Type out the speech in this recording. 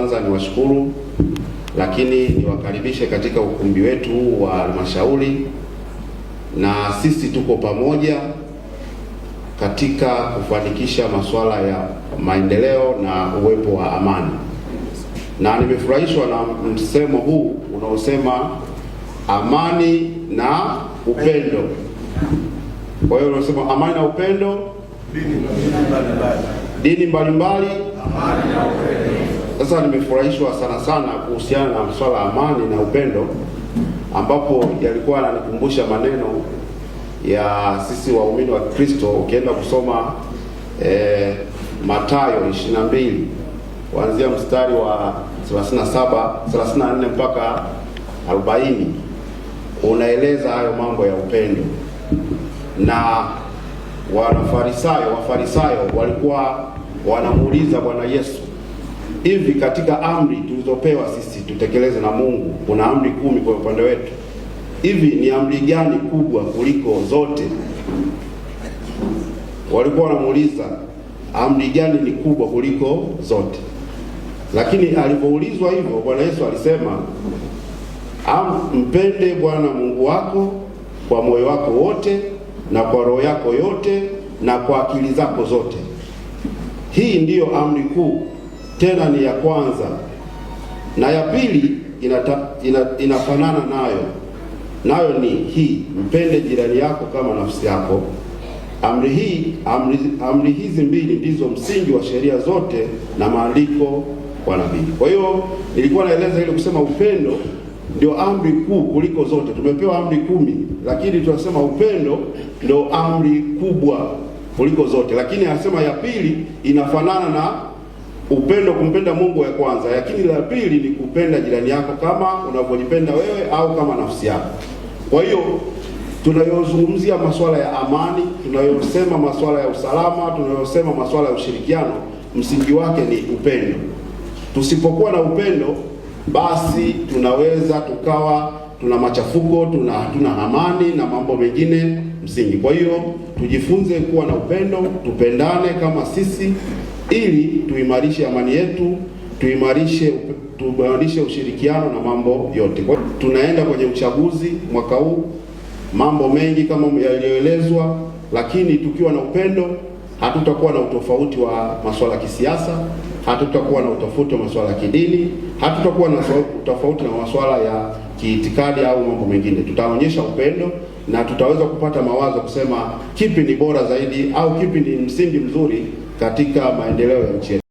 Kwanza niwashukuru, lakini niwakaribishe katika ukumbi wetu wa halmashauri, na sisi tuko pamoja katika kufanikisha masuala ya maendeleo na uwepo wa amani, na nimefurahishwa na msemo huu unaosema amani na upendo. Kwa hiyo unasema amani na upendo dini mbalimbali, amani na upendo. Sasa nimefurahishwa sana sana kuhusiana na swala amani na upendo, ambapo yalikuwa yananikumbusha maneno ya sisi waumini wa Kristo. Ukienda kusoma eh, Mathayo 22 kuanzia mstari wa 37 34 mpaka 40 unaeleza hayo mambo ya upendo na wanafarisayo wafarisayo walikuwa wanamuuliza Bwana Yesu, hivi katika amri tulizopewa sisi tutekeleze na Mungu, kuna amri kumi kwa upande wetu, hivi ni amri gani kubwa kuliko zote? Walikuwa wanamuuliza amri gani ni kubwa kuliko zote. Lakini alipoulizwa hivyo, Bwana Yesu alisema mpende Bwana Mungu wako kwa moyo wako wote na kwa roho yako yote na kwa akili zako zote. Hii ndiyo amri kuu, tena ni ya kwanza, na ya pili inata, ina, inafanana nayo, nayo ni hii, mpende jirani yako kama nafsi yako. Amri hii amri, amri hizi mbili ndizo msingi wa sheria zote na maandiko kwa nabii. Kwa hiyo nilikuwa naeleza ili kusema upendo ndio amri kuu kuliko zote. Tumepewa amri kumi, lakini tunasema upendo ndio amri kubwa kuliko zote. Lakini anasema ya pili inafanana na upendo, kumpenda Mungu ya kwanza, lakini la pili ni kupenda jirani yako kama unavyojipenda wewe au kama nafsi yako. Kwa hiyo tunayozungumzia masuala ya amani, tunayosema masuala ya usalama, tunayosema masuala ya ushirikiano, msingi wake ni upendo. Tusipokuwa na upendo basi tunaweza tukawa tuna machafuko, tuna hatuna amani na mambo mengine msingi. Kwa hiyo tujifunze kuwa na upendo, tupendane kama sisi, ili tuimarishe amani yetu, tuimarishe tuimarishe ushirikiano na mambo yote. Kwa tunaenda kwenye uchaguzi mwaka huu, mambo mengi kama yaliyoelezwa, lakini tukiwa na upendo hatutakuwa na utofauti wa masuala ya kisiasa, hatutakuwa na utofauti wa masuala ya kidini, hatutakuwa na utofauti na masuala ya kiitikadi au mambo mengine. Tutaonyesha upendo na tutaweza kupata mawazo kusema kipi ni bora zaidi au kipi ni msingi mzuri katika maendeleo ya nchi yetu.